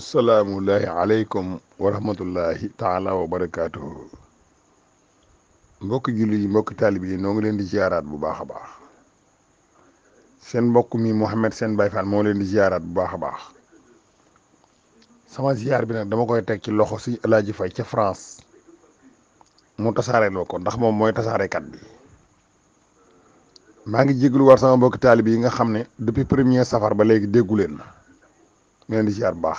asalaamullahi aleykum wa rahmatullahi taala wa barakaatuhu mbokki julli yi mbokki taalib yi ngi leen di ziarat bu baax a baax seen mbokk mi Mouhamed sen Baye Fall moo leen di ziarat bu baax a sama ziar bi nag dama koy teg ci loxo si El fay ca France mu tasaare loo ko ndax moom mooy tasaarekat bi maa ngi jéglu war sama mbokki taalib yi nga xam ne depuis premier safar ba léegi déggu leen ma leen di ziar bu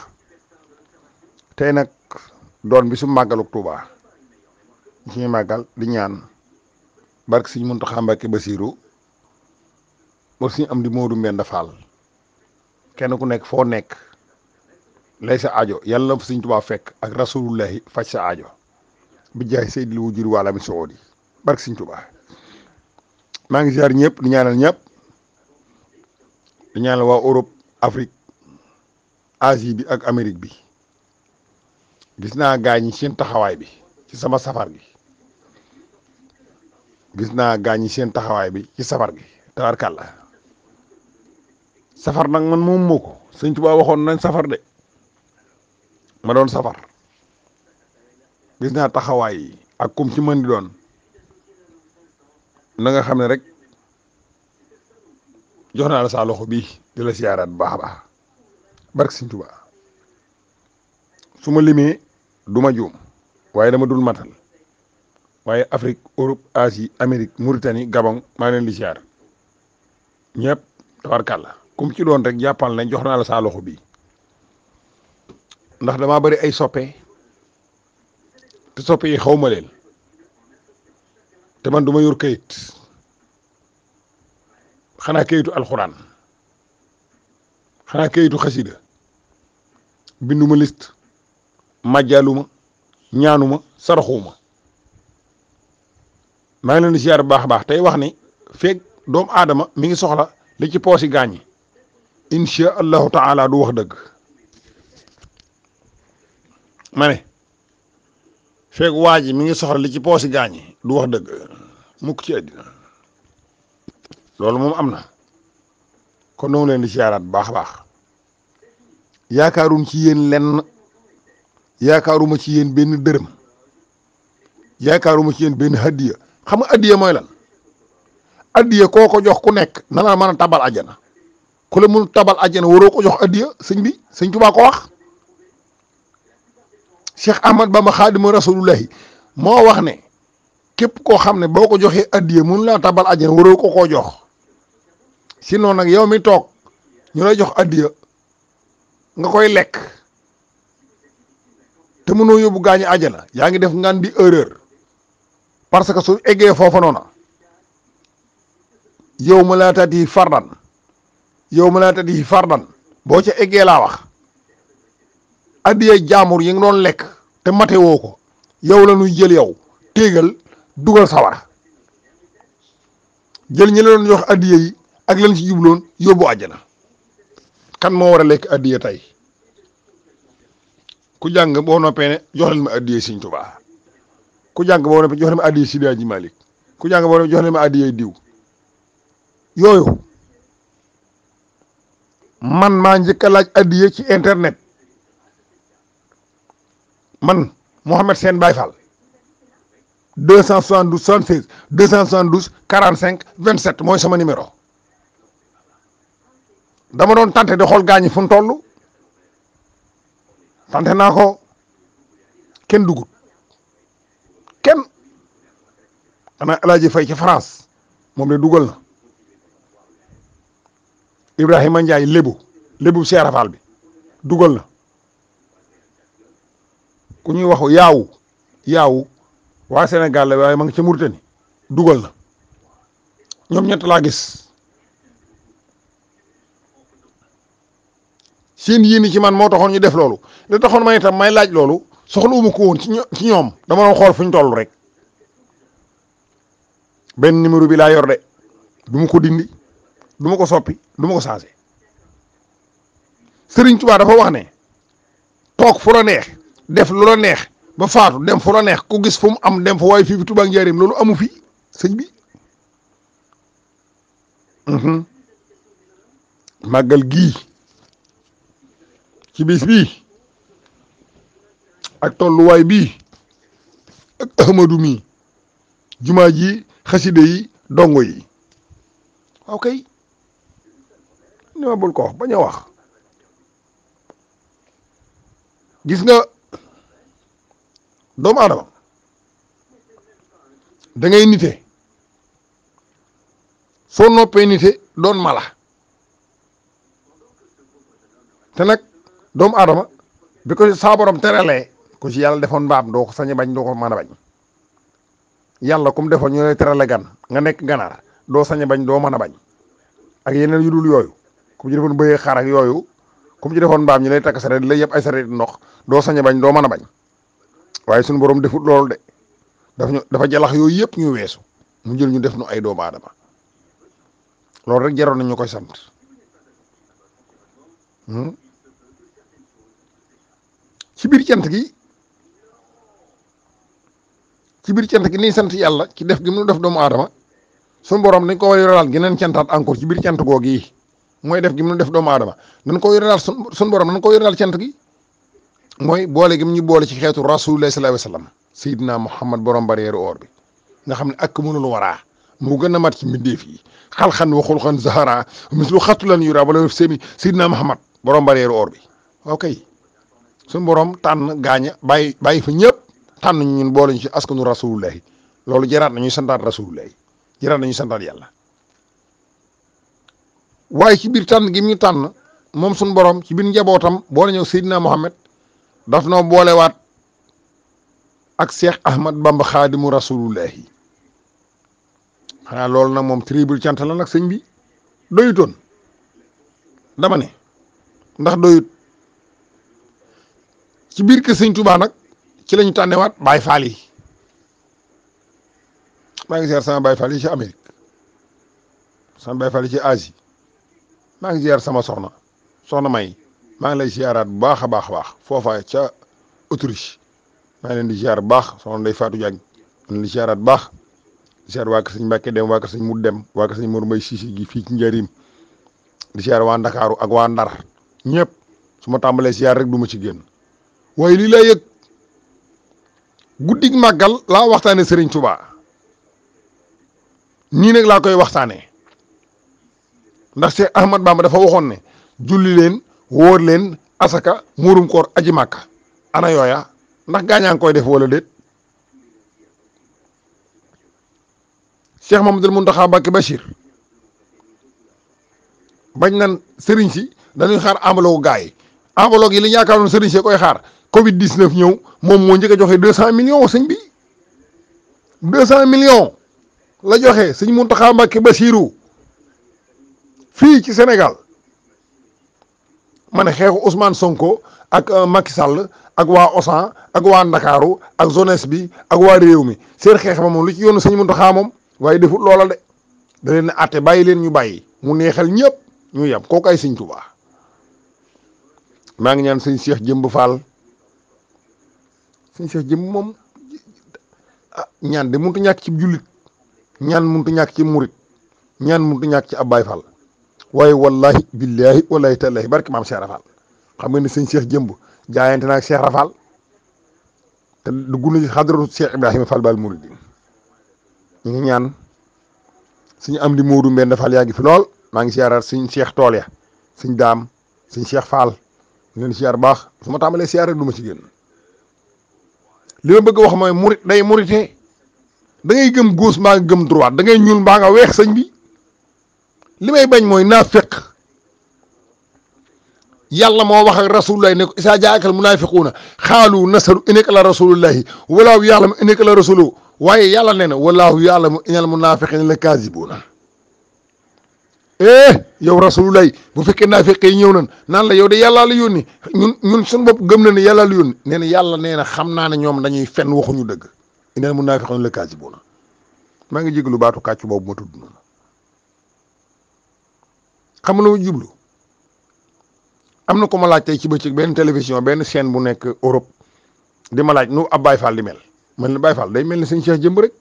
tay nak doon bisu magal Touba ñuy magal di ñaan barke Sëriñ Muntaxa Mbàkke Basiiru am di Moodu Mbenda Fall kenn ku nek fo nek lay sa aajo yalla na Sëriñ Touba fek ak rasulullahi fa sa aajo bi jay Seydil wujur wala mi Soodi barke Sëriñ Touba ma ngi jaar ñepp di ñaanal ñepp di ñaanal wa Europe Afrique Asie bi ak amerique bi gis na gañ seen taxaway bi ci sama safar gi gis na gañ seen taxaway bi ci safar gi tabarkàlla safar nak man mom moko ko sëñ waxon nañ safar de ma don safar gis na taxaway ak kum ci man di don na nga xamne rek jox naa la loxo bi di la barke suma limé duma joom waye dama dul matal waye Afrique Europe Asie Amérique Mauritanie Gabon ma len li ziar ñep tabarkàlla kum ci doon rek jappal ne jox la sa loxo bi ndax dama bari ay soppé te soppé yi xawma len te man duma yor keuyit xana keuyitu alcorane xana keuyitu binduma liste. màjjaaluma ñaanuma saraxuma maa ngi leen di ziar bu baax a baax tey wax ni feeg doomu aadama mi ngi soxla li ci poosi gaañ yi incha allahu taala du wax dëgg mane ne feeg waa ji mi ngi soxla li ci poosi gaañ yi du wax dëgg mukk ci àddina loolu moom am na kon noo leen di ziaraat bu baax a baax yaakaaruñ ci yéen lenn. yaakaaruma ci yéen benn dërëm yaakaaruma ci yéen benn addiya xam nga addiya mooy lan addiya koo ko jox ku nekk na la mën a tabal àjjana ku la mun tabal àjjana waroo ko jox addiya sëñ bi sëñ Tuubaa ko wax Cheikh Ahmad Bamba Xaadimu Rasulullahi moo wax ne képp koo xam ne boo ko joxee addiya mun laa tabal àjjana waroo ko koo jox sinon nag yow mi toog ñu lay jox addiya nga koy lekk. te mënoo yóbbu gaañu àjjana yaa ngi def ngan di erreur parce que su eggee foofa noona yow ma laa tati fardan yow ma laa tati boo ca eggee laa wax addiya jaamur yi nga doon lekk te mate woo ko yow la ñuy jël yow téegal dugal sawar jël ñi la doon jox addiya yi ak leen ci jubloon yóbbu àjjana kan moo war a lekk addiya tey ku jàng boo noppee ne jox leen ma addiyee Sëñ Tuubaa ku jàng boo noppee jox leen ma addiyee Sidi Aji Malik ku jàng boo noppee jox leen diw yooyu man maa njëkk a laaj addiyee ci internet man Mouhamed Sène Baye Fall 272 76 272 45 27 mooy sama numéro dama doon tànte di xool gaañi fu mu toll tante naa ko kenn dugut kenn ana alaaji fay ca France moom de dugal na Ibrahima Ndiaye lébu lébu seerafal bi dugal na ku ñuy wax yaawu yaawu waa Sénégal la waaye ma ngi ca Mauritanie dugal ñoom ñett laa gis seen yéene ci man moo taxoon ñu def loolu da taxoon man itam may laaj loolu soxla uma ko woon ci ñoom dama doon xool fu ñu toll rek benn numéro bi laa yor de du ko dindi du ko soppi du ma ko changé Sëriñ Tuubaa dafa wax ne toog fu la neex def lu neex ba faatu dem fu la neex ku gis fu mu am dem fa waaye fii bi Tuubaa njaarim loolu amu fi sëñ bi mhm. màggal gii ci bis bii ak tolluwaay bi ak ahmadu mi jumaa ji xaside dongo yi waaw kay ni ma bul ko bañ a wax gis nga doomu aadama da nite soo noppee nite doon mala te doomu aadama bi ko saa borom teralee ku ci yàlla defoon mbaam doo ko sañ bañ doo ko mën a bañ yàlla kum defoon ñu lay terale gan nga nekk ganaar doo sañ bañ doo mën a bañ ak yeneen yu dul yooyu ku ci xaar ak yooyu ku ci defoon mbaam ñu lay takk sareet lay yëpp ay sareet ndox doo sañ bañ doo mën a bañ waaye suñu boroom defut loolu de dafa ñu dafa jalax yooyu yëpp ñu weesu mu jël ñu def nu ay doomu aadama loolu rek jaroon na ñu koy sant. Hmm? ci biir cant gi ci biir cant gi ni sant yàlla ci def gi mu def doomu aadama suñu borom dañ ko war a yoralaat geneen cantaat encore ci biir cant googu yi mooy def gi mu def doomu aadama dan ko yoralaat sun suñu borom dañ ko yoralaat cant gi mooy boole gim ñi boole ci xeetu rasulullah sallallahu alayhi wasallam sayyidina muhammad borom bariyeeru oor bi nga xam ne ak mënul waraa mu gën a mat ci mbindeef yi xalxan waxul xan zahara mis lu xattu lan yuraa wala semi sayyidina borom bariyeeru bi waaw sun boroom tànn gaaña bàyyi bàyyi fa ñëpp tànn ñun boole ñu ci askanu rasulullahi loolu jëraat nañuy santaat rasulullahi jëraat nañuy santaat yàlla waaye ci biir tànn gim ñu tànn moom suñu boroom ci biir njabootam boole ñëw Seydina Mohamed daf noo boolewaat ak Cheikh Ahmad Bamba xaadimu rasulullahi xanaa loolu nag moom tribul cant la nag sëñ bi doyutoon dama ne ndax doyut. ci kesing ke seigne Touba nak ci lañu tané wat bay fali ma ngi ziar sama bay fali ci amerique sama bay fali ci Asie ma ngi ziar sama soxna soxna May ma ngi lay ziarat bu baakha a baax a baax foofa ca Autriche ma ngi leen di ziar bu baax soxna Ndeye Fatou Diagne ma ngi di ziaraat baax ziar wa kër seigne Mbacke dem wa kër seigne Mour dem wa kër seigne Mour gi fi ci di ziar wa dakarou ak wa Ndar ñepp suma tambalé ziar rek duma ci genn waaye lii laa yëg guddig màggal laa waxtaane sëriñ Tuubaa nii nag laa koy waxtaanee ndax Cheikh Ahmad Bamba dafa waxoon ne julli leen wóor leen asaka muurum koor aji màkka ana yooya ndax gaañaa ngi koy def wala déet Cheikh Mamadul Muntaxa Mbàkke Bachir bañ nan sëriñ si dañuy xaar ambalogu gaay yi ambaloog yi li ñu yaakaaroon sëriñ si koy xaar Covid 19 ñëw moom moo njëkk a joxe 200 millions sëñ bi 200 millions la joxe sëñ Mountakha Mbacké Bassirou fii ci senegal ma ne xeexu Ousmane Sonko ak euh, Macky Sall ak waa Osan ak waa Ndakaaru ak jeunesse bi ak waa réew mi seen xeex ba moom lu ci yoonu sëñ Mountakha moom waaye defut loola de da leen a bàyyi leen ñu bàyyi mu neexal ñëpp ñu yem kooku ay sëñ Tuubaa maa ngi ñaan sëñ Cheikh Jëmb Fall. sëñ Cheikh jëm mom ah, ñaan de muntu ñak ci julit ñaan muntu ñak ci mourid ñaan muntu ñak ci Abbaay Fall waaye wallahi billahi wallahi tallahi barke maam Cheikh Rafal xam nga ni sëñ Cheikh jëmb jaayante nak Cheikh Rafal te duggu na hadratu Cheikh ibrahim Fall bal Mouridine ñi ñaan suñu am di Modou Mbène Fall yaa fi lol ma ngi ziarar suñ Cheikh tool ya suñ daam suñ Cheikh Fall ñu leen siyaar baax suma ma ziaré duma ci genn li ma bëgg a wax mooy murit day murite da ngay gëm gauche mbaa nga gëm droite da ngay ñuul mbaa nga weex sëñ bi li may bañ mooy naafeq yàlla moo wax ak rasulullahi ne ko isaa jaakal munaafiquuna xaalu nasaru innaka la rasulullahi walaahu yaalamu innaka la rasulu waaye yàlla nee na walaahu yaalamu inal munaafiqiina la kaasibuuna eh yow rasululay bu fekkee naafiq yi ñëw nan naan la yow de yàllaa la yónni ñun ñun suñu bopp gëm na ne yàllaa la yónni nee na yàlla nee na xam naa ne ñoom dañuy fenn waxuñu dëgg inal munaafiquuna la kaasibuuna maa ngi jéglu baatu kàcc boobu ma tudd noonu xam nga lu jublu am na ko ma laaj tey ci bëccëg benn télévision benn chaîne bu nekk Europe di ma laaj nu ab Baye Fall di mel mel ni Baye Fall day mel ni sëñ Cheikh jëmb rek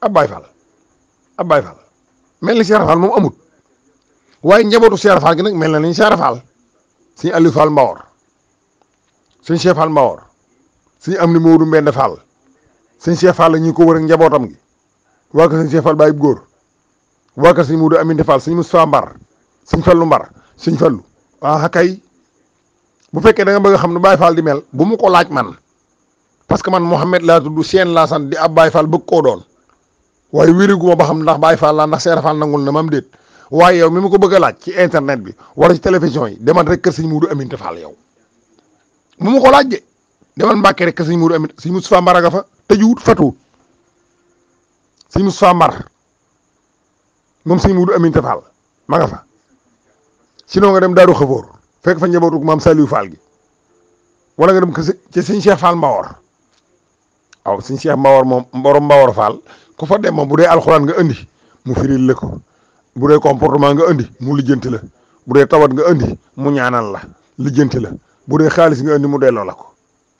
ab Baye Fall ab Baye Fall mel ni Cheikh Fall moom amut waaye njabootu Cheikh Fall gi nag mel na ni Cheikh Fall suñu Aliou Fall Mbawor suñu Cheikh Fall Mbawor suñu am ni Moodu Mbend Fall suñu Cheikh Fall la ñu ko wër njabootam gi waa ko suñu Cheikh Fall Baye góor waa ko suñu Moodu Aminte Fall suñu Moustapha Mbar suñu Fallu ah, kay bu fekkee da nga bëgg a xam ne baay Fall di mel bu mu ko laaj man parce que man Mouhamed laa tudd Seen laa sant di ab Baye Fall bëgg koo doon. waaye wériguma ba xam ndax Baye Fall laa ndax Seera Fall nangul na maam déet waaye yow mi ma ko bëgg a laaj ci internet bi wala ci télévision yi demal rek kër sëñ Muudu Aminta Fall yow mu ma ko laaj de demal Mbàkke rek kër sëñ Muudu Aminta sëñ Moustapha Mbar nga fa tëjuwut fatuwut moom sëñ Muudu Aminta ma nga fa sinon nga dem Daaru Xafoor fekk fa njabootu maam Saliou Fall gi wala nga dem kër ci sëñ Cheikh Fall Mbawor waaw sëñ Cheikh Mbawor moom borom Mbawor ku fa dem moom bu dee alxuraan nga andi mu firil la ko bu dee comportement nga andi mu lijjanti la bu dee tawat nga andi mu ñaanal la lijjanti la bu dee xaalis nga andi mu delloo la ko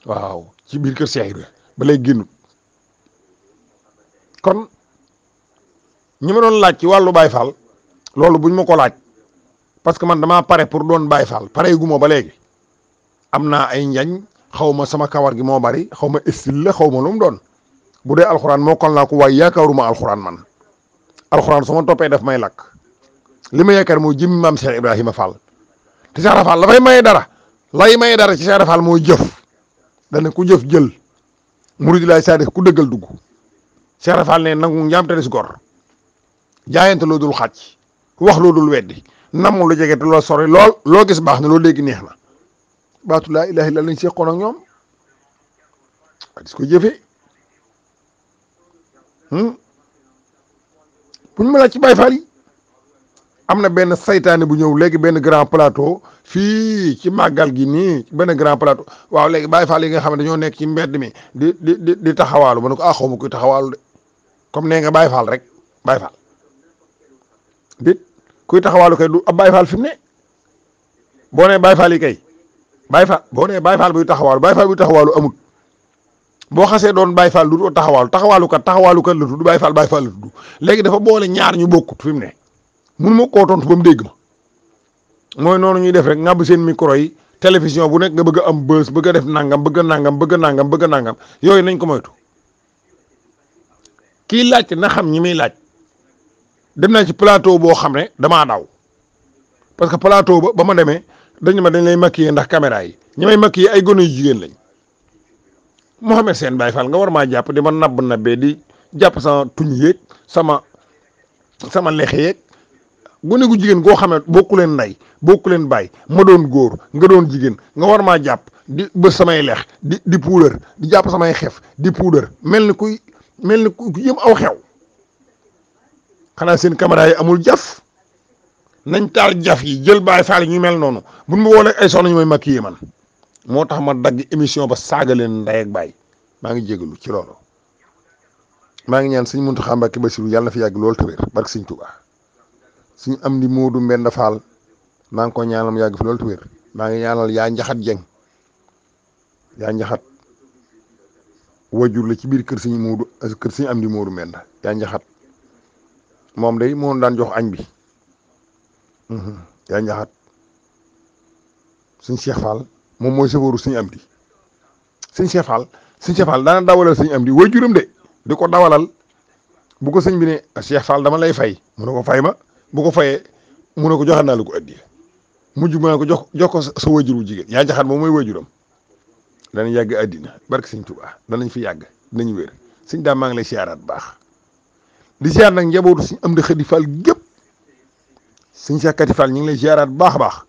waaw ci biir kër Cheikh Ibrahima ba lay génn kon ñi ma doon laaj ci wàllu Baye Fall loolu buñ ma ko laaj parce que man damaa pare pour doon Baye Fall pare gu ma ba léegi am naa ay njañ xaw ma sama kawar gi moo bari xaw ma style la xaw ma lu mu doon. bu dee alxuraan mokkal naa ko waay yaakaaruma alxuraan man alxuraan su ma toppee daf may lakk li ma yaakaar moo jëmmi maam Cheikh Ibrahima Fall te Cheikh Rafal la fay maye dara lay maye dara ci Cheikh Rafal mooy jëf dana ku jëf jël murid laay ku dëggal dugg Cheikh Rafal ne nangu njaam te des gor jaayante loo dul xàcc wax loo dul weddi nam lu jege te loo sori lool loo gis baax na loo dégg neex na baatu laa ilaaha illa lañ seqoon ak ñoom dis ko Hmm? bu ñu ma laaj ci Baye Fall yi am na benn saytaane bu ñëw léegi benn grand plateau fii ci màggal gi nii benn grand plateau waaw léegi Baye Fall yi nga xam ne dañoo nekk ci mbedd mi di di di di taxawaalu ma ne ko ah xaw ma kuy taxawaalu de comme nee nga Baye Fall rek Baye Fall dit kuy taxawaalu kay du ab Baye Fall fi mu ne boo nee Baye Fall yi kay Baye Fall boo nee Baye Fall buy taxawaalu Baye Fall buy taxawaalu amut. boo xasee doon Baye Fall du taxawaalu taxawaalukat taxawaalukat la tudd Baye Fall Baye Fall la tudd léegi dafa boole ñaar ñu bokkut fi mu ne mun ma koo tontu ba mu dégg ma mooy noonu ñuy def rek ngàbb seen micro yi télévision bu nekk nga bëgg am bës bëgg def nangam bëgg nangam bëgg a nangam bëgg a yooyu nañ ko moytu kii laaj na xam ñi muy laaj dem naa ci plateau boo xam ne damaa daw parce que plateau ba ba ma demee dañ ma dañ lay maquiller ndax caméra yi ñi may maquiller ay gone yu jigéen lañ. Mohamed Sène Baye Fall nga war maa jàpp di ma nabb bee di jàpp sama tuñ yéeg sama sama lex yeeg gone gu jigéen goo xamee bokku leen nday bokku leen baay ma doon góor nga doon jigéen nga war maa jàpp di bës samay lex di di puudar di jàpp samay xef di puudar mel ni kuy mel ni ku yëm aw xew xanaa seen caméra yi amul jaf nañ taal jaf yi jël Baye Fall ñu mel noonu mu ma woo ay soxna ñu may maquillé man moo tax ma dagg émission ba saaga leen ndey ak baay maa ngi jégalu ci loolu maa ngi ñaan suñ Muntaxa Mbàkke Basiru yàlla na fi yàgg lool te wér barke am di Moodu Mbend Faal maa ngi ko ñaanal yàgg fi lool maa ngi ñaanal yaa njaxat jeng yaa njaxat wajur la ci biir kër sëñ Moodu kër sëñ am di Moodu Mbend yaa njaxat moom day moo daan jox añ bi mhm. yaa njaxat suñ Cheikh Fall mom moy sëfooru sëñ am di sëñ Cheikh Fall sëñ Cheikh Fall daana dawalal way jurum de diko dawalal bu ko seigne bi ne ah, Cheikh Fall dama lay fay munoko fay ma bu ko fayé munoko joxanal ko addi naa la jox jox ko sa wajuru jigen ya jaxat mom moy mooy wajuram danañ yàgg àddina barke sëñ Tuubaa danañ fi yag dañu wër seigne da maa ngi lay siarat bax di siar nak njabootu seigne Amdi khadifal gep seigne cheikh khadifal Kati ngi lay siarat bax bax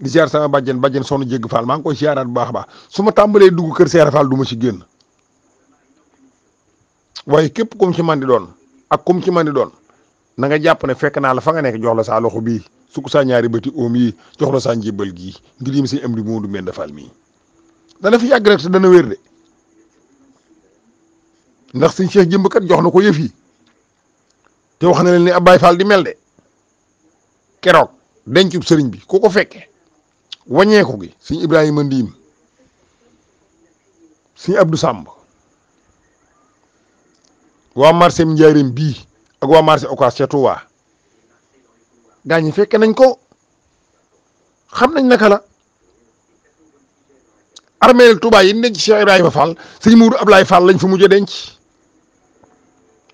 di ziar sama bajen bajen sonu jeug fall mang ko koy ziaraat bu baax ba suma tambale dugg keur seera fall duma ci genn way kep kum ci man di don ak kum ci man di don na nga japp ne fekk na la fa nga nek jox la sa loxu bi suku sa ñaari beuti oom yi jox la sa njibal gi ngir yim si du di da fall mi da dana fi yag rek da dana wér de ndax suñ Cheikh jimb kat jox nako ko yi te wax na len ni abay fall di mel de kérok dencu serigne bi kuko ko waññeeku gi sëñ Ibrahima Ndiim sëñ abdu Samb waa marché Njaaréem bii ak waa marché Ocass ca Touba gaañi fekke nañ ko xam nañ naka la armeel Touba yi nekk ci Cheikh Ibrahima Fall sëñ Mourou Ablaye Fall lañ fu mujj a denc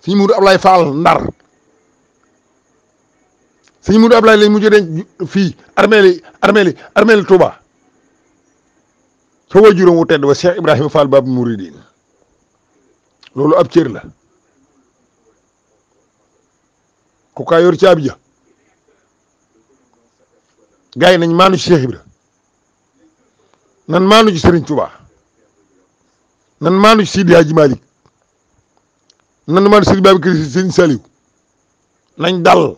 sëñ Mourou Ablaye Fall ndar sëñ Modou Ablaye lañ mujjee denc fii armeeli armeeli armeeli Touba sa waajuram wu tedd wa Cheikh Ibrahima Fall Babu Mouridine loolu ab cër la manu kaa yor caabi ja gars yi nañ manu ci Cheikh Ibra nan manu ci Serigne Touba nan manu ci Sidi Hadji nan manu Serigne Babacar Serigne nañ dal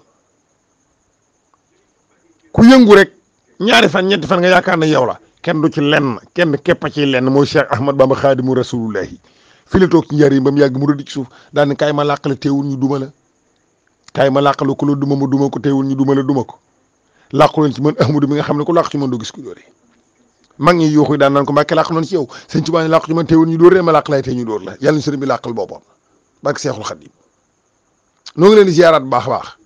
ku yëngu rek ñaari fan ñetti fan nga yaakaar ne yow la kenn du ci lenn kenn ci lenn Cheikh Ahmad Bamba khadimu rasulullah fi la tok ci njariñ bam yag mu rëdd ci suuf dal ni kay ma làqale teewul ñu duma la kay ma làqalu ko lu duma mu duma ko teewul ñu duma la duma ko làqu leen ci man ahmadu mi nga xamne ko ci man do gis ku jori mag ñi daan nan ko laq non ci yow laq ci man teewul ñu do re ma laq lay te ñu do la bi laqal bopam bak cheikhul khadim no ngi leen bax bax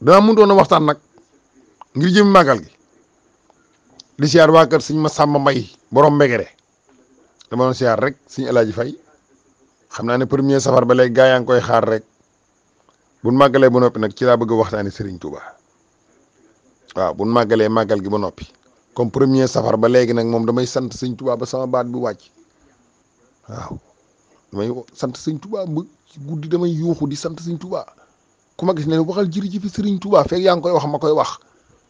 da mu doona waxtan nak ngir jëm magal gi di siar wa keur seigne ma sam may borom mbegere dama doon siyaar rek seigne eladji fay xamna ne premier safar ba lay gaayang koy xaar rek buñ màggalee bu nopi nak ci la bëgg waxtani seigne Touba wa buñ màggalee magal gi bu nopi comme premier safar ba légui nak mom damay sante seigne Touba ba sama baat bi wacc waaw damay sante seigne Touba bu guddi damay yuuxu di sante seigne Touba ku ma gis ne waxal jërëjëf Sëriñ Tuubaa fekk yaa ngi koy wax ma koy wax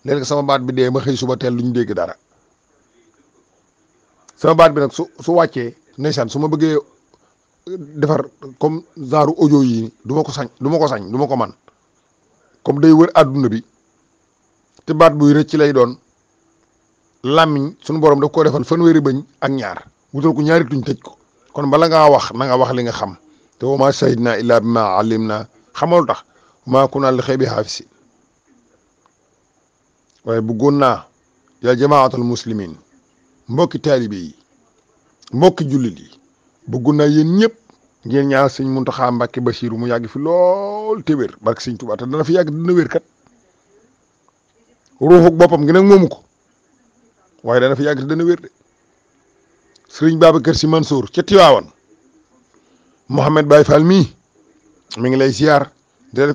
léegi sama baat bi dee ma xëy suba teel luñ dégg dara sama baat bi nag su su wàccee ndeysaan su ma bëggee euh, defar comme genre audio yi du ma ko sañ duma ko sañ du ma ko man comme day wër àdduna bi te baat buy rëcc lay doon làmmiñ sunu borom daf koo defal fanweeri bëñ ak ñaar wutal ko ñaari tuñ tëj ko kon bala ngaa wax na wax li nga xam te woo ma shahidna illaa bi ma alim na maa kunaa li xëy bi xaafisi waaye bëggoon naa yaa jamaatul muslimin mbokki taalibe yi mbokki jullit yi bëggoon naa yéen ñëpp ngeen ñaar sëñ Muntaxa Mbàkke Basiiru mu yàgg fi lool te wér barke sëñ Tuubaa te dana fi yàgg dina wér kat ruuxuk boppam gi nag moomu ko waaye dana fi yàgg te dana wér de sëriñ Babacar Si Mansour ca Tiwaawan Mouhamed Baye Fall mii mi ngi lay siyaar dina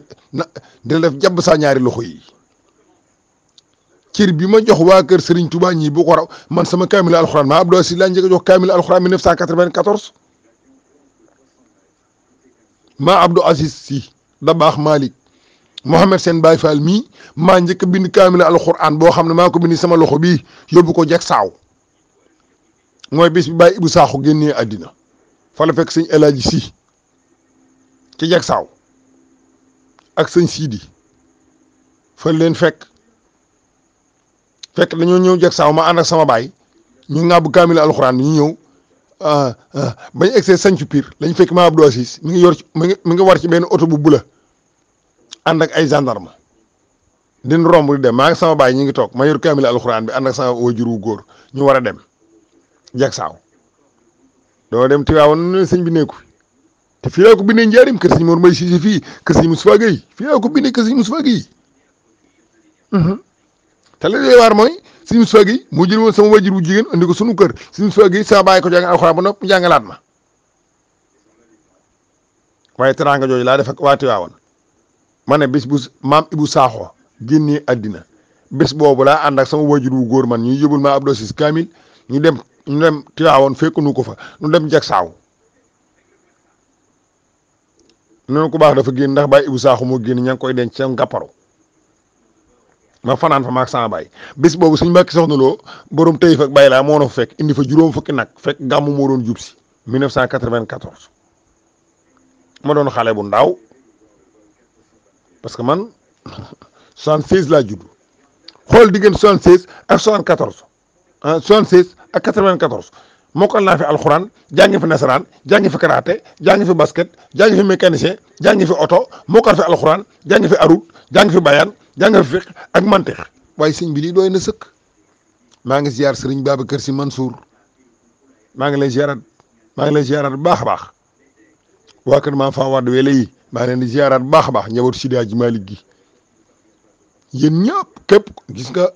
def jabb sa ñaari loxo yi cir bi ma jox wa keur Serigne Touba ñi bu ko raw man sama kamil alxuraan ma Abdou Aziz laa jox kamil alxuraan 1994 ma Abdou Aziz si da baax Malick Mouhamed Sène Baye Fall mi ma njëkk bind kamil alxuraan bo xamne bind sama loxo bi yobbu ko jek saw moy bis bi Baye Ibou saxu genné adina fa la fek eladji si ci jek saw ak sëñ siidi fan leen fekk fekk dañoo ñëw jeg saaw ma ànd ak sama baay ñu ŋàbb kaamil alxuraan bi ñu ñëw ah, ah, bañ egsee sañcu piir lañ fekk ma Abdou Assis mi ngi yor mi ngi mi ngi war ci benn oto bu bula ànd ak ay gendarme din romb di dem maa sama baay ñu ngi toog ma yor kaamil alxuraan bi ànd ak sama wajur wu góor ñu war a dem jeg saaw doo dem Tiwaawan sëñ bi nekku te fi laa ko bindé ndiarim kër seigne Mor Mbaye Cissé fii kër sëñ Moustapha gay fi laa ko bindee kër sëñ Moustapha hmm ta la lay war moy seigne Moustapha gay mo jël won sama wajir bu jigen andi ko sunu keur seigne Moustapha gay sa bay ko jang alxuraan bu nop jangalat ma way teranga jooju la def ak wati wawon mané bis bus mam Ibou Sakho genné adina bis bobu la and ak sama wajir bu gor man ñi yebul ma abdou dosis ñu dem ñu dem tiawon fekk nu ko fa ñu dem jag neen ko baax dafa génn ndax bàyyi Ibou Sakho moo génn ña ngi koy denc ca Ngaparou ma fanaan fa maag sama baay bis boobu suñu mbàkki soxna loo borom tey fa bay laa moo na fa fekk indi fa juróom fukki nag fekk gàmm moo doon jub si 1994 ma doon xale bu ndaw parce que man 76 laa judd xool diggante 76 ak 74 ah 76 ak 94. mokal na fi alxuraan jangi fi Nasran, jangi fi karate jangi fi basket jangi fi mécanicien jangi fi auto mokal fi alxuraan jangi fi arut jangi fi bayan jangi fi fiq ak mantiq way seigne bi li doy na seuk ma nga ziar sëriñ Babacar si Mansour ma nga lay ziarat ma nga lay ziarat bax bax wa baax ma fa wad wele yi di ziarat bax bax ñewut gi yeen kep gis nga.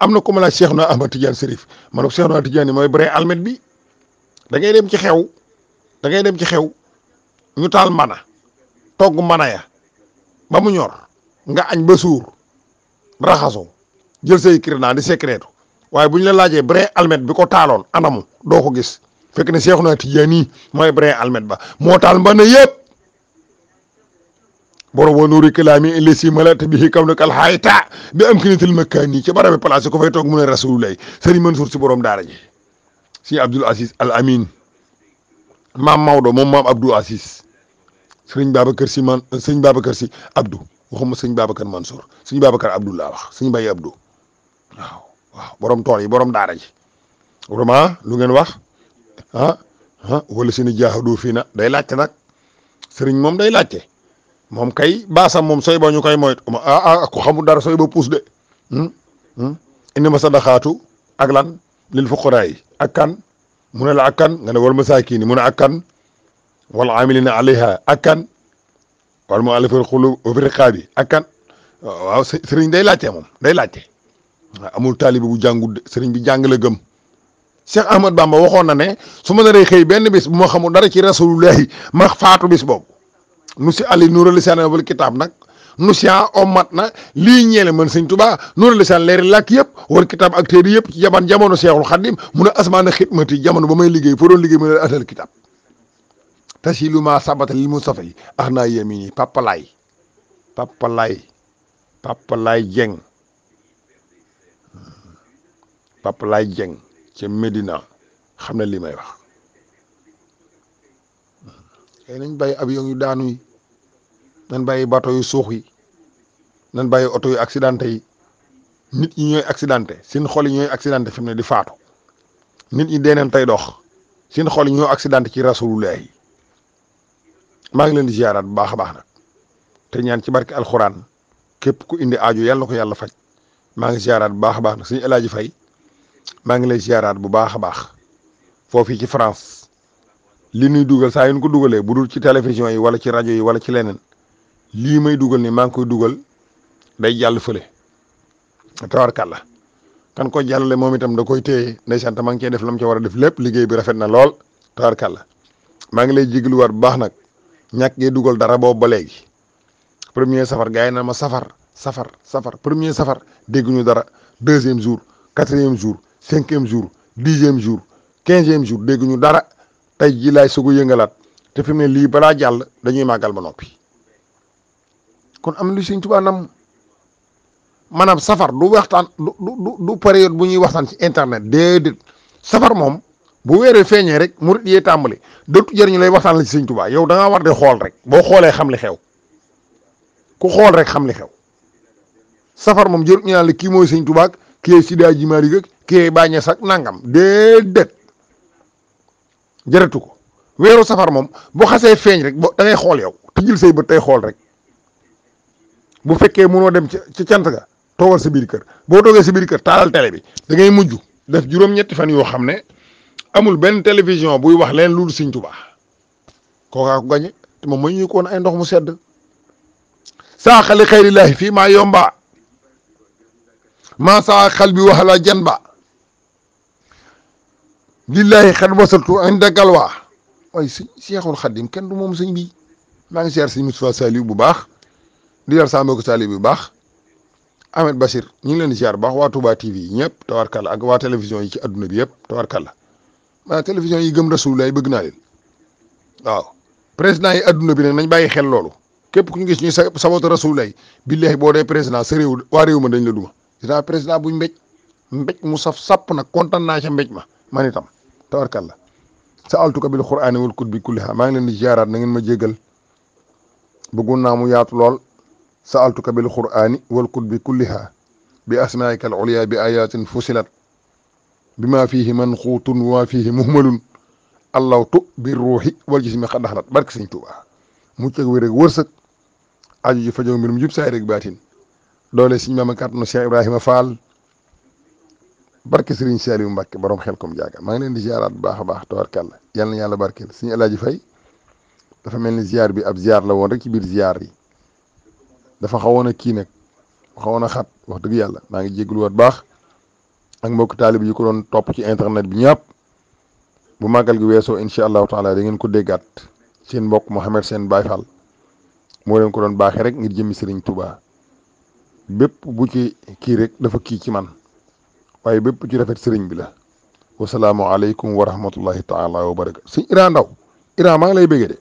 am na ku ma laaj Cheikh na Ahmad Tidiane Serif ma ne ko Cheikh na Tidiane mooy brin almet bi da ngay dem ci xew da dem ci xew ñu taal mana togg mana ya ba mu ñor nga añ ba suur raxasoo jël say kirnaa di secrétu waaye bu ñu la laajee brin almet bi ko taaloon anamu doo ko gis fekk ne Cheikh na Tidiane mooy brin almet ba moo taal mbana yëpp. borom wa nuuri kalaami illesi malata bihi kaw nag alxaayta bi am kinitil makkaani ci barabi place ko fay toog mu ne rasulullah sëriñ Mansour si borom daara ji si Abdoul Aziz Al Amin maam Maodo moom maam Abdou Aziz sëriñ Babacar si man sëriñ kër si Abdou waxuma sëriñ Babacar Mansour sëriñ Babacar Abdou laa wax sëriñ Baye Abdou waaw waaw borom tool yi borom daara ji vraiment lu ngeen wax ah ah wala seen fii na day laajte nag sëriñ moom day laajte. moom kay baasam moom sooy ba ñu koy moytu ah, ah dara sooy ba puus de hmm? Hmm? indi ma sadaxaatu ak lan lil fuqaraa yi ak kan mu ne la ak kan nga ne wal masaakiin mu ne ak kan wal amilina alayha ak kan wal mu'allafati quluub wa fi riqaabi ak kan waaw sëriñ day laajte moom day laajte amul taalibi bu jàngul sëriñ bu jàng la gëm Cheikh Ahmad Bamba waxoon na ne su ma naree xëy benn bis bu ma xamul dara ci rasulullahi ma faatu bis boobu. nu si ali nuura lisaan wal kitaab nag nu sian ah omat na lii ñeele man sëñ Tuubaa nuura lisaan leeri làkk yëpp wal kitaab ak téere yëpp ci jaban jamono seexul xadim mu ne asmaana xidmati jamono ba may liggéey foo doon liggéey mu ne atal kitaab tasilu ma sabata lil Mustafa yi ax naa yemi nii papalaay papalaay papalaay jeng papalaay jeng ca Medina xam na li may wax tey nañ bàyyi avion yu daanu yi nañ bato yu suux yi nan bàyyi oto yu accidenté yi nit ñi ñooy accidenté seen xol ñooy accidenté fim ne di faatu nit ñi dee nañ tey dox sin xol yi ñoo accidenté ci rasulullah yi maa ngi leen di ziaraat bu baax a baax nag te ñaan ci barke alxuraan képp ku indi aajo yàlla ko yàlla faj maa ngi ziaraat bu baax a baax nag suñu El Hadj maa ngi lay ziaraat bu baax a baax foofii ci France. li nuy dugal saa yu ko dugalee bu dul ci télévision yi wala ci rajo yi wala ci leneen lii may dugal ni maa ngi koy dugal day jàll fële tawarkàlla kan ko jàllale moom itam da koy téye ndeysaan te maa ngi cee def la ci war a def lépp liggéey bi rafet na lool tawarkàlla maa ngi lay jégluwaat bu baax nag ñàkk ngay dugal dara boobu ba léegi premier safar gars yi na ma safar safar safar premier safar dégguñu dara deuxième jour quatrième jour cinquième jour dixième jour quinzième jour dégguñu dara tey jii laay yëngalaat te fi mu lii balaa jàll dañuy màggal ba noppi kon am lu Sëñ Tuubaa nam maanaam safar du waxtaan du du du période bu ñuy waxtaan ci internet déedéet safar moom bu weeree feeñee rek murit yee tàmbali dootu jëriñu lay waxtaan la ci Sëñ yow da ngaa war di xool rek boo xoolee xam li xew ku xool rek xam li xew safar moom jëruñu naan la kii mooy Sëñ Tuubaa kii ay Sidi Aji Maalik kii ay nangam déedéet jaratu ko weeru safar moom boo xasee feeñ rek boo da xool yow tijjil say bët tey xool rek bu fekkee mënoo dem ca ca cant ga toogal sa biir kër boo toogee sa biir kër taalal télé bi da ngay mujj def juróom-ñetti fan yoo xam ne amul benn télévision buy wax leen lu Sëñ Tuubaa kookaa ko gañe te moom ma ñu ko ay ndox mu sedd saa xali xayrillaahi fii maa yomba maa saa xal bi wax la jan lillahi xat wasaltu inda galwaa waaye sëñ Seexul Xadim kenn du moom sëñ bi maa ngi seer sëñ Moustapha Saliou bu baax di yar sama mbokk bu baax Ahmed Bachir ñu ngi leen di ziar bu baax waa Touba TV yi ñëpp tawarkalla ak waa télévision yi ci adduna bi yëpp tawarkalla maanaam yi gëm rasul lay bëgg naa leen waaw président yi adduna bi nag nañ bàyyi xel loolu képp ku ñu gis ñu sabota rasul lay billahi boo dee président sa réew waa réew ma dañ la duma dinaa président bu mbéj mbéj mu saf sàpp nag kontaan naa ca mbéj ma man itam tawarkalla sa altuka bil qur'aani wal kutbi kulliha maa ngi leen di ziaraat ngeen ma jégal bëggoon naa mu yaatu lool sa altuka bil qur'aani wal kutbi kulliha bi asmaa'ika al ulya bi ayatin fusilat bima fihi manxuutun wa fihi muhmalun allawtu bi ruuxi wal jismi xad daxlat barke sëñ Tuubaa mucc ak wér ak wërsëg aju ji fajoo mbir mu jub saay rek baatin doole sëñ maam kàttanu Cheikh Ibrahima Fall barke Serigne yu mbakke borom xel kom jaaga maa ngi leen di ziaraat bu baax a baax tawarkàlla yal na yàlla barkeel suñu alaaji fay dafa mel ni ziar bi ab ziar la woon rek ci biir ziar yi dafa xawoon a kii nag xawoon a xat wax dëgg yàlla maa ngi jégalu waat baax ak mbokk taalib yi ko doon topp ci internet bi ñëpp bu màggal gi weesoo incha allahu taala da ngeen ko déggaat seen mbokk Mouhamed Sène Baye Fall moo leen ko doon baaxee rek ngir jëmmi Serigne Touba bépp bu ci kii rek dafa kii ci man. waaye bépp ci rafet sëriñ bi la wasalaamualeykum wa rahmatullahi taala wa barakaatu sëñ Iran Ndaw ira maa ngi lay bëggee